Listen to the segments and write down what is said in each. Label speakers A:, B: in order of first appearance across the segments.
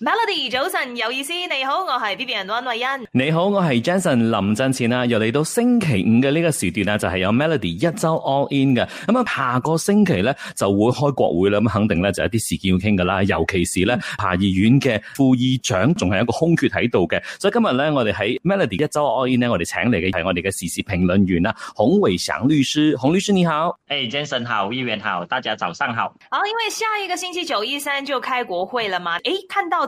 A: Melody 早晨有意思，你好，我係 Vivian 溫慧欣。
B: 你好，我係 Jason 林振前啊，又嚟到星期五嘅呢個時段啊，就係、是、有 Melody 一周 All In 嘅。咁、嗯、啊，下個星期咧就會開國會啦，咁、嗯、肯定咧就有一啲事件要傾噶啦，尤其是咧下議院嘅副議長仲係一個空缺喺度嘅，所以今日咧我哋喺 Melody 一周 All In 咧，我哋請嚟嘅係我哋嘅時事評論員啦，孔維祥律師，孔律師你好，誒、hey，Jason 好，議員好，大家早上好。
A: 好，因為下一個星期九一三就開國會啦嘛，誒，看到。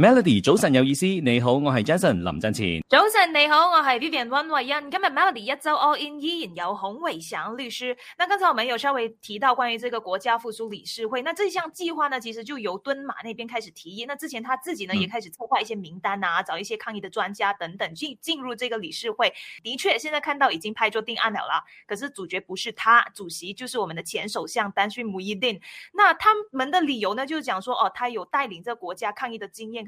B: Melody，早晨有意思，你好，我係 Jason 林振前。
A: 早晨你好，我係 Vivian 溫慧欣。今日 Melody 一周 all in 依然有洪偉祥律師。那剛才我們有稍微提到關於這個國家復蘇理事會，那這項計劃呢，其實就由敦馬那邊開始提議。那之前他自己呢，嗯、也開始策劃一些名單啊，找一些抗疫的專家等等進進入這個理事會。的確，現在看到已經拍板定案了啦。可是主角不是他，主席就是我們的前首相丹斯里慕尤丁。那他們的理由呢，就是講說哦，他有帶領這國家抗疫的經驗。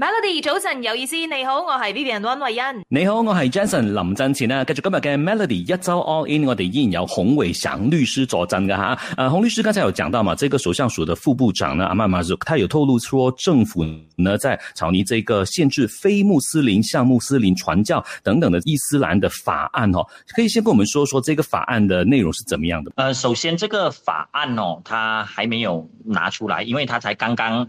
A: Melody，早晨有意思，你好，我
B: 是 Vivian 溫慧欣。你好，我是 Jason 林真前啊。繼續今日嘅 Melody 一周 All In，我哋依然有洪偉祥律師坐鎮噶吓。啊、呃，洪律師剛才有講到嘛，這個首相署的副部長呢，阿曼馬祖，他有透露說政府呢，在草擬這個限制非穆斯林向穆斯林傳教等等的伊斯蘭的法案哦。可以先跟我們說說這個法案的內容是怎麼樣的？
C: 呃，首先，這個法案哦，他還沒有拿出來，因為他才剛剛。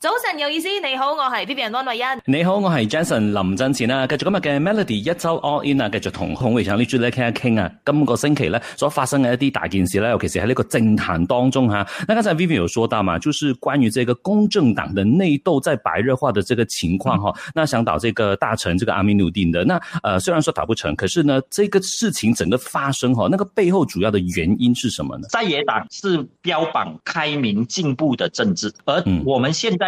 A: 早晨有意思，你好，我係 Vivian 安慧欣。
B: 你好，我係 Jason 林振前啊。繼續今日嘅 Melody 一周 All In 啊，繼續同孔會長呢組咧傾一傾啊。今個星期咧所發生嘅一啲大件事咧，尤其是喺呢個政壇當中吓、啊，那剛才 Vivian 有說到嘛，就是關於這個公正黨的內鬥在白熱化的這個情況哈、啊嗯。那想導這個大臣，這個阿米努丁的，那呃雖然說打不成，可是呢，這個事情整個發生哈、啊，那個背後主要的原因是什麼呢？在野黨是標榜開明進步的政治，而我們現在。